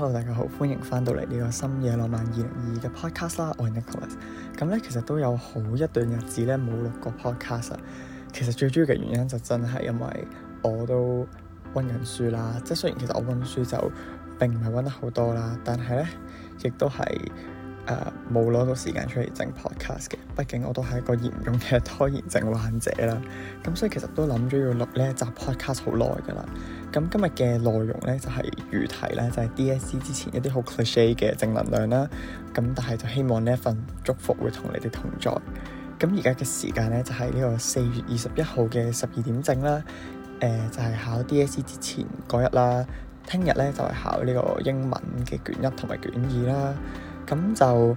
hello，大家好，歡迎翻到嚟呢個深夜浪漫二零二二嘅 podcast 啦，我係 Nicholas。咁咧其實都有好一段日子咧冇錄過 podcast，其實最主要嘅原因就真係因為我都温緊書啦，即係雖然其實我温書，書就並唔係温得好多啦，但係咧亦都係，誒冇攞到時間出嚟整 podcast 嘅，畢竟我都係一個嚴重嘅拖延症患者啦。咁所以其實都諗咗要錄呢一集 podcast 好耐噶啦。咁今日嘅內容呢，就係如題呢，就係 DSE 之前一啲好 cliché 嘅正能量啦。咁但係就希望呢一份祝福會同你哋同在。咁而家嘅時間呢，就係呢個四月二十一號嘅十二點正啦。誒、呃、就係考 DSE 之前嗰日啦。聽日呢，就係考呢個英文嘅卷一同埋卷二啦。咁就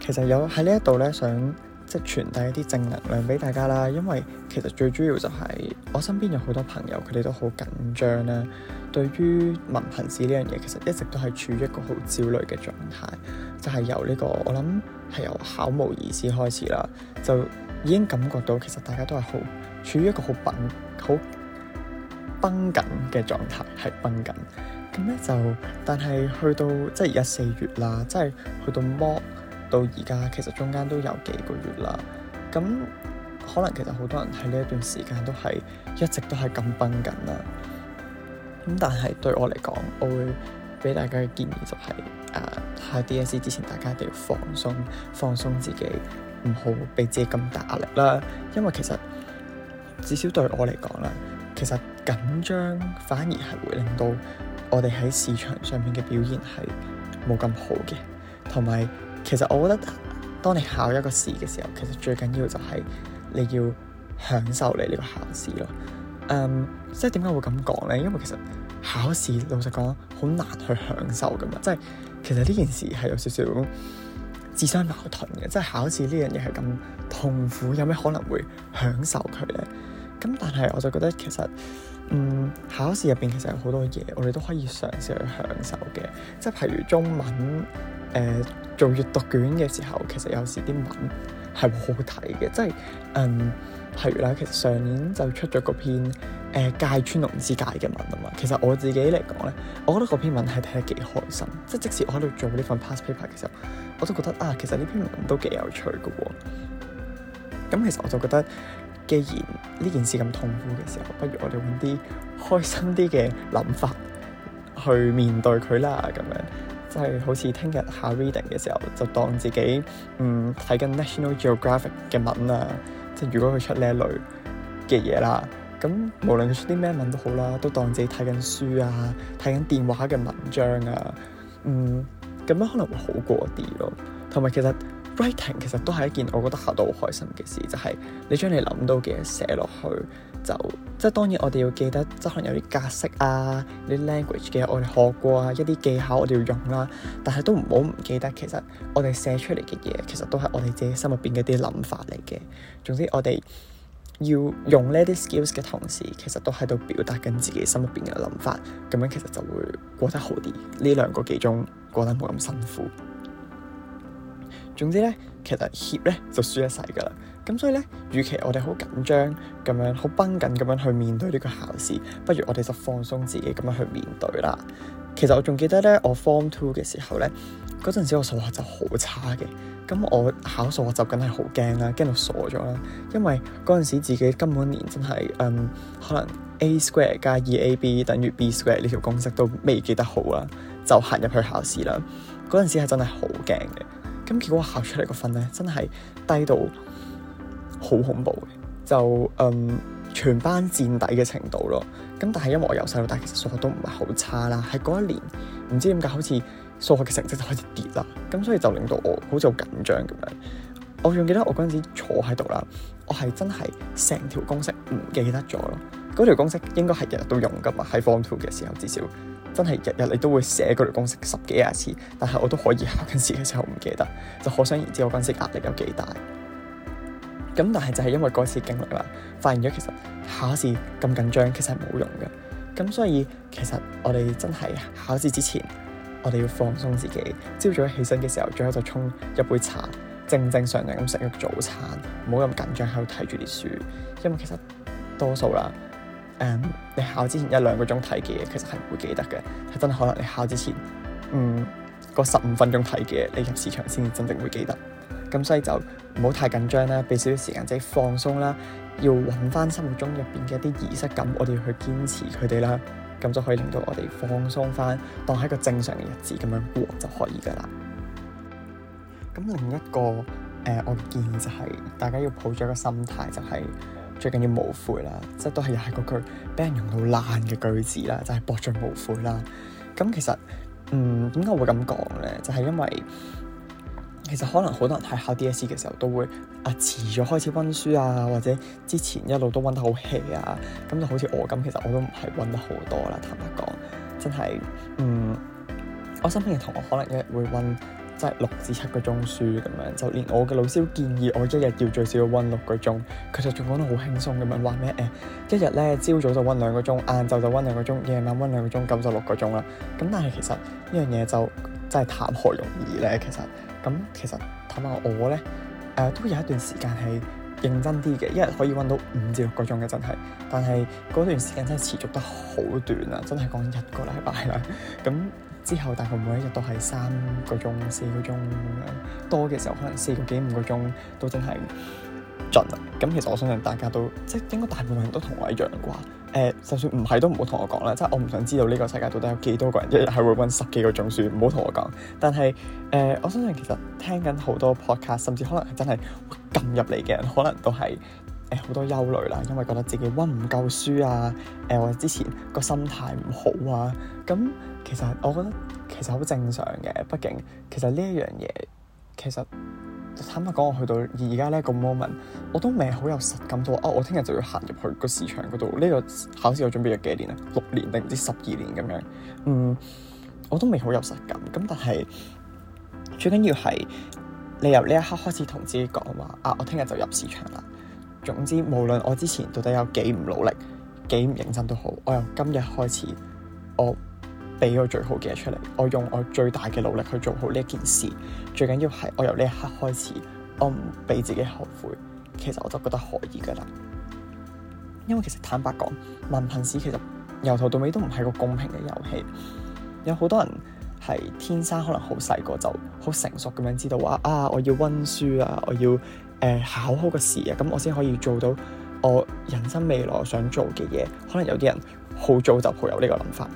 其實有喺呢一度咧，想即係傳遞一啲正能量俾大家啦。因為其實最主要就係我身邊有好多朋友，佢哋都好緊張啦。對於文憑試呢樣嘢，其實一直都係處於一個好焦慮嘅狀態。就係由呢個，我諗係由考模擬試開始啦，就已經感覺到其實大家都係好處於一個好緊好崩緊嘅狀態，係崩緊。咁咧就，但係去到即係而家四月啦，即係去到模到而家，其實中間都有幾個月啦。咁可能其實好多人喺呢一段時間都係一直都係咁繃緊啦。咁但係對我嚟講，我會俾大家嘅建議就係誒，考 D S E 之前，大家一定要放鬆放鬆自己，唔好俾自己咁大壓力啦。因為其實至少對我嚟講啦，其實緊張反而係會令到。我哋喺市場上面嘅表現係冇咁好嘅，同埋其實我覺得，當你考一個試嘅時候，其實最緊要就係你要享受你呢個考試咯。嗯，即係點解會咁講呢？因為其實考試老實講好難去享受噶嘛，即係其實呢件事係有少少自相矛盾嘅，即係考試呢樣嘢係咁痛苦，有咩可能會享受佢呢？咁、嗯、但係我就覺得其實，嗯，考試入邊其實有好多嘢，我哋都可以嘗試去享受嘅。即係譬如中文，誒、呃、做閱讀卷嘅時候，其實有時啲文係會好睇嘅。即係，嗯，譬如啦，其實上年就出咗個篇誒芥川龍之介嘅文啊嘛。其實我自己嚟講咧，我覺得嗰篇文係睇得幾開心。即係即使我喺度做呢份 past paper 嘅時候，我都覺得啊，其實呢篇文都幾有趣嘅喎、哦。咁、嗯、其實我就覺得。既然呢件事咁痛苦嘅時候，不如我哋用啲開心啲嘅諗法去面對佢啦。咁樣即係、就是、好似聽日下 reading 嘅時候，就當自己嗯睇緊 National Geographic 嘅文啊。即、就、係、是、如果佢出呢一類嘅嘢啦，咁無論佢出啲咩文都好啦，都當自己睇緊書啊、睇緊電話嘅文章啊。嗯，咁樣可能會好過啲咯。同埋其實。Writing 其實都係一件我覺得考到好開心嘅事，就係、是、你將你諗到嘅嘢寫落去，就即係當然我哋要記得，即可能有啲格式啊、啲 language 嘅我哋學過啊、一啲技巧我哋要用啦、啊，但係都唔好唔記得。其實我哋寫出嚟嘅嘢，其實都係我哋自己心入邊嘅啲諗法嚟嘅。總之我哋要用呢啲 skills 嘅同時，其實都喺度表達緊自己心入邊嘅諗法，咁樣其實就會過得好啲，呢兩個幾鐘過得冇咁辛苦。總之咧，其實怯咧就輸一世㗎喇。咁所以咧，與其我哋好緊張咁樣好繃緊咁樣去面對呢個考試，不如我哋就放鬆自己咁樣去面對啦。其實我仲記得咧，我 Form Two 嘅時候咧，嗰陣時我數學就好差嘅。咁我考數學就梗係好驚啦，驚到傻咗啦。因為嗰陣時自己根本連真係嗯可能 a square 加二 ab 等於 b square 呢條公式都未記得好啦，就行入去考試啦。嗰陣時係真係好驚嘅。咁結果我考出嚟個分咧，真係低到好恐怖嘅，就嗯全班墊底嘅程度咯。咁但係因為我由細到大其實數學都唔係好差啦，喺嗰一年唔知點解好似數學嘅成績就開始跌啦。咁所以就令到我好似好緊張咁樣。我仲記得我嗰陣時坐喺度啦，我係真係成條公式唔記得咗咯。嗰條公式應該係日日都用噶嘛，喺 Form Two 嘅時候至少。真係日日你都會寫嗰條公式十幾廿次，但係我都可以考緊試嘅時候唔記得，就可想而知我陣時壓力有幾大。咁但係就係因為嗰次經歷啦，發現咗其實考試咁緊張其實係冇用嘅。咁所以其實我哋真係考試之前，我哋要放鬆自己。朝早起身嘅時候最好就沖一杯茶，正正常常咁食個早餐，唔好咁緊張喺度睇住啲書，因為其實多數啦。Um, 你考之前一兩個鐘睇嘅嘢，其實係唔會記得嘅，係真係可能你考之前，嗯，嗰十五分鐘睇嘅，你入市場先真正會記得。咁所以就唔好太緊張啦，俾少少時間自己放鬆啦，要揾翻心目中入邊嘅一啲儀式感，我哋去堅持佢哋啦，咁就可以令到我哋放鬆翻，當係一個正常嘅日子咁樣過就可以噶啦。咁另一個誒、呃，我建議就係、是、大家要抱住一個心態、就是，就係。最緊要無悔啦，即係都係又係嗰句俾人用到爛嘅句子啦，就係博盡無悔啦。咁其實，嗯，點解會咁講咧？就係因為其實可能好多人喺考 DSE 嘅時候都會啊遲咗開始温書啊，或者之前一路都温得好 hea 啊，咁就好似我咁，其實我都唔係温得好多啦。坦白講，真係，嗯，我身邊嘅同學可能一日會温。即係六至七個鐘書咁樣，就連我嘅老師都建議我一日要最少温六個鐘。佢就仲講得好輕鬆咁樣，話咩誒？一日咧，朝早就温兩個鐘，晏晝就温兩個鐘，夜晚温兩個鐘，咁就六個鐘啦。咁但係其實呢樣嘢就真係談何容易咧。其實咁，其實睇下我咧，誒都有一段時間係。認真啲嘅，一日可以搵到五至六個鐘嘅，真係。但係嗰段時間真係持續得好短啊，真係講一個禮拜啦。咁之後，大概每一日都係三個鐘、四個鐘咁樣多嘅時候，可能四個幾五個鐘都真係盡啦。咁其實我相信大家都，即係應該大部分人都同我一樣啩。誒、呃，就算唔係都唔好同我講啦，即係我唔想知道呢個世界到底有幾多個人一日係會温十幾個鐘書，唔好同我講。但係誒、呃，我相信其實聽緊好多 podcast，甚至可能係真係撳入嚟嘅人，可能都係誒好多憂慮啦，因為覺得自己温唔夠書啊，誒或者之前個心態唔好啊。咁其實我覺得其實好正常嘅，畢竟其實呢一樣嘢其實。坦白講，我去到而家呢個 moment，我都未好有實感到，哦，我聽日就要行入去個市場嗰度。呢個考試我準備咗幾年啊？六年定唔知十二年咁樣，嗯，我都未好有實感。咁但係最緊要係你由呢一刻開始同自己講話，啊，我聽日就入市場啦。總之，無論我之前到底有幾唔努力，幾唔認真都好，我由今日開始，我。俾我最好嘅嘢出嚟，我用我最大嘅努力去做好呢一件事。最緊要係我由呢一刻開始，我唔俾自己後悔。其實我就覺得可以噶啦，因為其實坦白講，文憑試其實由頭到尾都唔係個公平嘅遊戲。有好多人係天生可能好細個就好成熟咁樣知道話啊，我要溫書啊，我要誒、呃、考好個試啊，咁我先可以做到我人生未來想做嘅嘢。可能有啲人好早就抱有呢個諗法。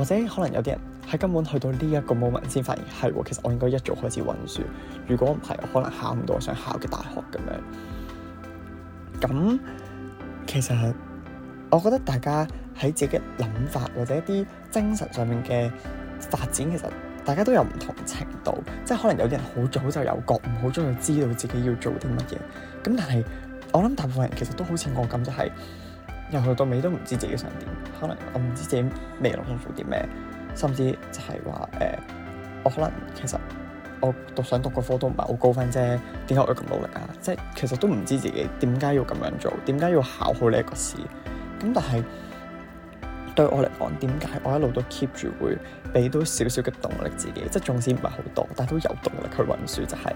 或者可能有啲人喺根本去到呢一個 moment 先發現，係，其實我應該一早開始溫書。如果唔係，我可能考唔到我想考嘅大學。咁樣，咁其實，我覺得大家喺自己嘅諗法或者一啲精神上面嘅發展，其實大家都有唔同程度。即係可能有啲人好早就有覺悟，好早就知道自己要做啲乜嘢。咁但係，我諗大部分人其實都好似我咁，就係、是。由頭到尾都唔知自己想點，可能我唔知自己未來想做啲咩，甚至就係話誒，我可能其實我讀想讀個科都唔係好高分啫，點解我要咁努力啊？即係其實都唔知自己點解要咁樣做，點解要考好呢一個試？咁但係。對我嚟講，點解我一路都 keep 住會俾到少少嘅動力自己？即係總之唔係好多，但係都有動力去溫書。運輸就係、是、誒、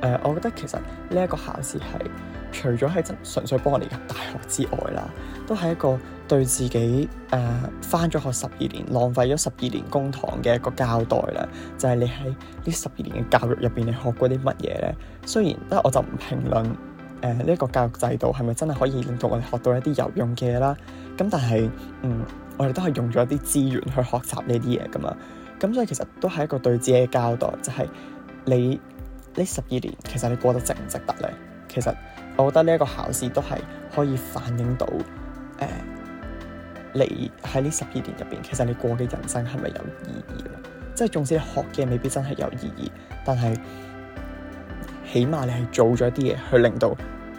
呃，我覺得其實呢一個考試係除咗係真純粹幫你入大學之外啦，都係一個對自己誒翻咗學十二年，浪費咗十二年公堂嘅一個交代啦。就係、是、你喺呢十二年嘅教育入邊，你學過啲乜嘢咧？雖然，即我就唔評論。誒，呢一、呃這個教育制度係咪真係可以令到我哋學到一啲有用嘅嘢啦？咁但係，嗯，我哋都係用咗一啲資源去學習呢啲嘢噶嘛。咁所以其實都係一個對自己嘅交代，就係、是、你呢十二年，其實你過得值唔值得咧？其實我覺得呢一個考試都係可以反映到，誒、呃，你喺呢十二年入邊，其實你過嘅人生係咪有意義啦？即係，總之學嘅未必真係有意義，但係起碼你係做咗啲嘢去令到。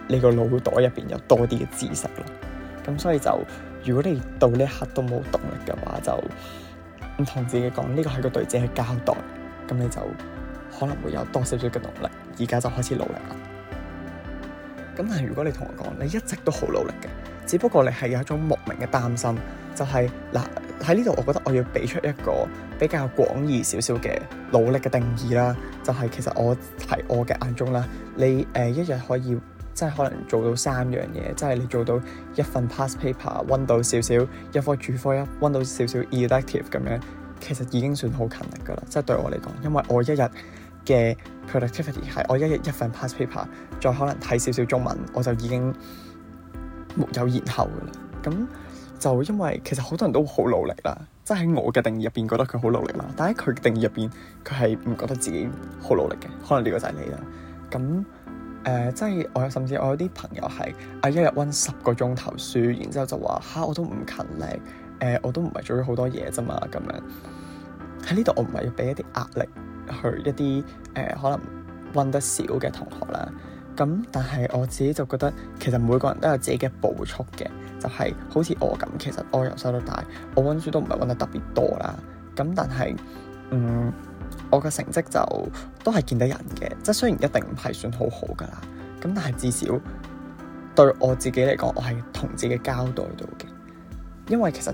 你個腦袋入邊有多啲嘅知識咯，咁所以就，如果你到呢一刻都冇動力嘅話，就唔同自己講呢個係個對自己嘅交代，咁你就可能會有多少少嘅動力，而家就開始努力啦。咁、嗯、但係如果你同我講你一直都好努力嘅，只不過你係有一種莫名嘅擔心，就係嗱，喺呢度，我覺得我要俾出一個比較廣義少少嘅努力嘅定義啦，就係、是、其實我喺我嘅眼中啦，你誒、呃、一日可以。即係可能做到三樣嘢，即係你做到一份 past paper 温到少少，一科主科一温到少少 elective 咁樣，其實已經算好勤力噶啦。即係對我嚟講，因為我一日嘅 productivity 係我一日一份 past paper，再可能睇少少中文，我就已經沒有延後噶啦。咁就因為其實好多人都好努力啦，即係喺我嘅定義入邊覺得佢好努力啦，但係佢嘅定義入邊，佢係唔覺得自己好努力嘅。可能呢個就係你啦。咁。誒、呃，即係我有甚至我有啲朋友係啊，一日温十個鐘頭書，然之後就話嚇、啊、我都唔勤力，誒、呃、我都唔係做咗好多嘢啫嘛咁樣。喺呢度我唔係要俾一啲壓力去一啲誒、呃、可能温得少嘅同學啦。咁但係我自己就覺得其實每個人都有自己嘅步速嘅，就係、是、好似我咁，其實我由細到大我温書都唔係温得特別多啦。咁但係嗯。我嘅成績就都係見得人嘅，即係雖然一定唔係算好好噶啦，咁但係至少對我自己嚟講，我係同自己交代到嘅。因為其實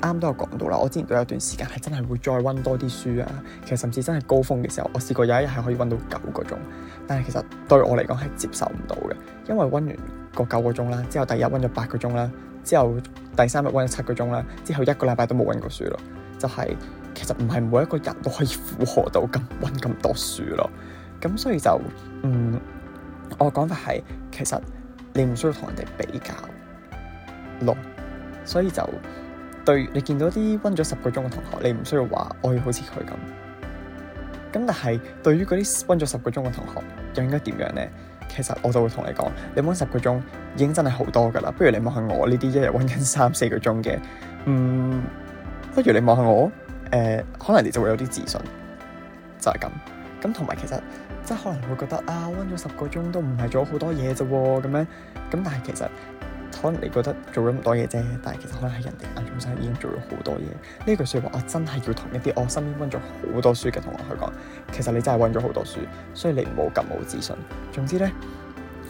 啱都有講到啦，我之前都有一段時間係真係會再温多啲書啊。其實甚至真係高峰嘅時候，我試過有一日係可以温到九個鐘，但係其實對我嚟講係接受唔到嘅，因為温完個九個鐘啦，之後第二日温咗八個鐘啦，之後第三日温咗七個鐘啦，之後一個禮拜都冇温過書咯，就係。其實唔係每一個人都可以負荷到咁溫咁多書咯，咁所以就嗯，我嘅講法係，其實你唔需要同人哋比較咯，所以就對，你見到啲溫咗十個鐘嘅同學，你唔需要話我要好似佢咁。咁但係對於嗰啲溫咗十個鐘嘅同學，又應該點樣咧？其實我就會同你講，你溫十個鐘已經真係好多噶啦，不如你望下我呢啲一日溫緊三四個鐘嘅，嗯，不如你望下我。誒、呃，可能你就會有啲自信，就係、是、咁。咁同埋其實，即係可能會覺得啊，溫咗十個鐘都唔係做好多嘢啫，咁樣。咁但係其實，可能你覺得做咗咁多嘢啫，但係其實可能喺人哋眼中上已經做咗好多嘢。呢句說話我真係要同一啲我身邊溫咗好多書嘅同學去講，其實你真係溫咗好多書，所以你唔好咁冇自信。總之咧，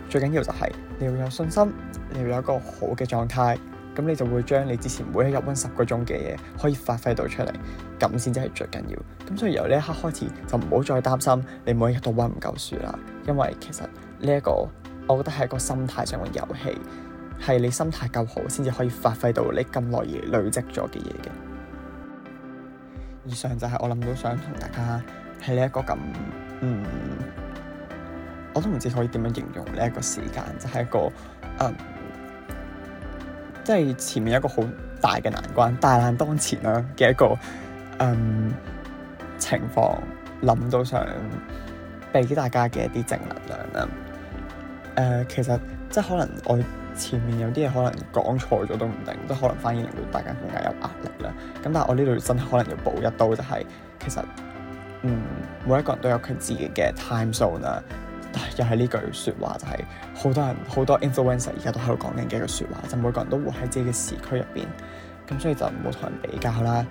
最緊要就係、是、你要有信心，你要有一個好嘅狀態。咁你就會將你之前每一日溫十個鐘嘅嘢，可以發揮到出嚟，咁先至係最緊要。咁所以由呢一刻開始，就唔好再擔心你每一日都溫唔夠書啦。因為其實呢一個，我覺得係一個心態上嘅遊戲，係你心態夠好，先至可以發揮到你咁耐而累積咗嘅嘢嘅。以上就係我諗到想同大家喺呢一個咁，嗯，我都唔知可以點樣形容呢一個時間，就係一個誒。即係前面一個好大嘅難關，大難當前啦嘅一個嗯情況，諗到想俾啲大家嘅一啲正能量啦。誒、嗯，其實即係可能我前面有啲嘢，可能講錯咗都唔定，即係可能反而令到大家更加有壓力啦。咁但係我呢度真係可能要補一刀，就係、是、其實嗯每一個人都有佢自己嘅 time zone 啦。又係呢句説話，就係、是、好多人好多 influencer 而家都喺度講緊嘅一句説話，就是、每個人都活喺自己嘅時區入邊，咁所以就唔好同人比較啦。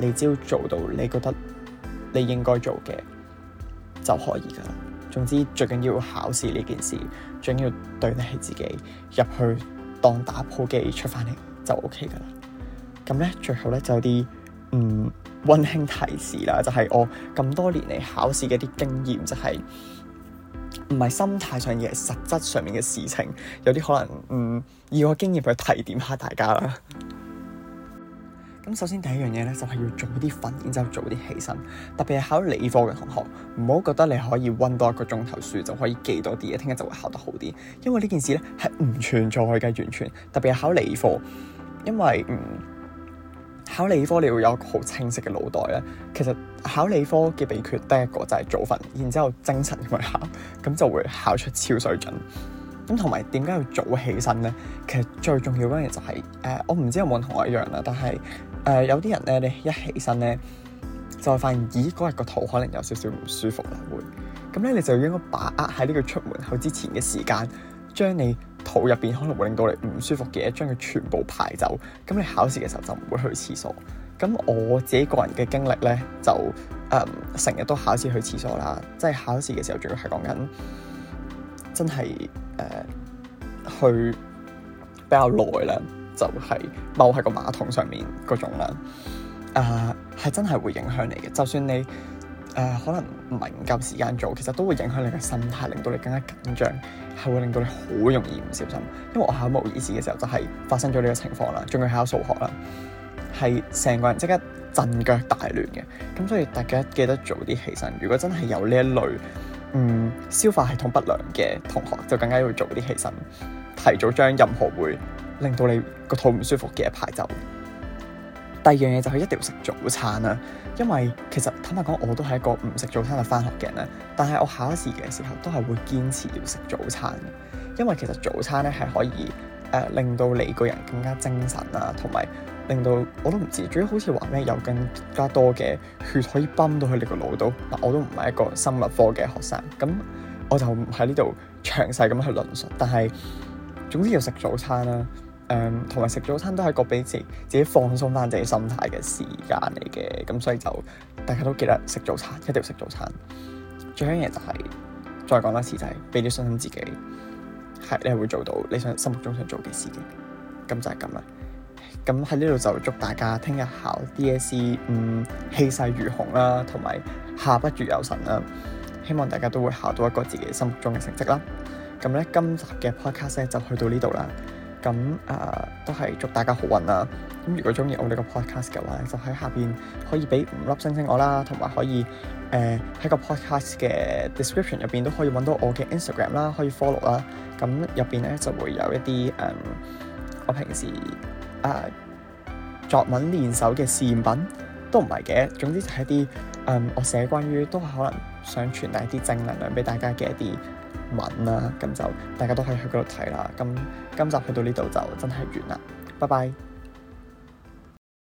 你只要做到你覺得你應該做嘅就可以噶啦。總之最緊要考試呢件事，最緊要對得起自己，入去當打鋪機出翻嚟就 OK 噶啦。咁咧最後咧就有啲嗯温馨提示啦，就係、是、我咁多年嚟考試嘅啲經驗，就係、是。唔係心態上而係，實質上面嘅事情，有啲可能，嗯，以我經驗去提點下大家啦。咁 首先第一樣嘢咧，就係、是、要早啲瞓，然之後早啲起身。特別係考理科嘅同學，唔好覺得你可以溫多一個鐘頭書就可以記多啲嘢，聽日就會考得好啲。因為呢件事咧係唔存在嘅完全。特別係考理科，因為嗯。考理科你會有一個好清晰嘅腦袋咧，其實考理科嘅秘訣第一個就係早瞓，然之後精神咁去考，咁就會考出超水準。咁同埋點解要早起身咧？其實最重要嘅嘢，就係，誒，我唔知有冇人同我一樣啦，但係誒，有啲人咧，你一起身咧，就會發現咦，嗰日個肚可能有少少唔舒服啦會，咁咧你就應該把握喺呢個出門口之前嘅時間，將你。肚入邊可能會令到你唔舒服嘅，將佢全部排走，咁你考試嘅時候就唔會去廁所。咁我自己個人嘅經歷呢，就誒成日都考試去廁所啦。即係考試嘅時候，仲要係講緊真係誒、呃、去比較耐啦，就係踎喺個馬桶上面嗰種啦。啊、呃，係真係會影響你嘅，就算你。誒、呃、可能唔係唔夠時間做，其實都會影響你嘅心態，令到你更加緊張，係會令到你好容易唔小心。因為我考模擬試嘅時候就係、是、發生咗呢個情況啦，仲要考數學啦，係成個人即刻陣腳大亂嘅。咁所以大家記得早啲起身。如果真係有呢一類嗯消化系統不良嘅同學，就更加要早啲起身，提早將任何會令到你個肚唔舒服嘅嘢排走。第二樣嘢就係一定要食早餐啦、啊，因為其實坦白講我都係一個唔食早餐就返學嘅人啦，但係我考試嘅時候都係會堅持要食早餐嘅，因為其實早餐呢係可以誒、呃、令到你個人更加精神啦、啊，同埋令到我都唔知，主要好似話咩有更加多嘅血可以泵到去你個腦度。嗱，我都唔係一個生物科嘅學生，咁我就唔喺呢度詳細咁去論述，但係總之要食早餐啦、啊。誒，同埋、嗯、食早餐都係一個俾自己自己放鬆翻自己心態嘅時間嚟嘅，咁所以就大家都記得食早餐，一定要食早餐。最緊要嘢就係再講多次，就係俾啲信心自己，係你係會做到你想心目中想做嘅事情。咁就係咁啦。咁喺呢度就祝大家聽日考 DSE，嗯，氣勢如虹啦，同埋下不如有神啦。希望大家都會考到一個自己心目中嘅成績啦。咁咧，今集嘅 podcast 就去到呢度啦。咁誒、呃、都係祝大家好運啦！咁如果中意我呢個 podcast 嘅話咧，就喺下邊可以俾五粒星星我啦，同埋可以誒喺、呃、個 podcast 嘅 description 入邊都可以搵到我嘅 Instagram 啦，可以 follow 啦。咁入邊咧就會有一啲誒、嗯、我平時誒、啊、作文練手嘅試驗品，都唔係嘅。總之就係一啲誒、嗯、我寫關於都係可能想傳遞一啲正能量俾大家嘅一啲文啦，咁就大家都可以去嗰度睇啦。咁今集去到呢度就真係完啦。拜拜。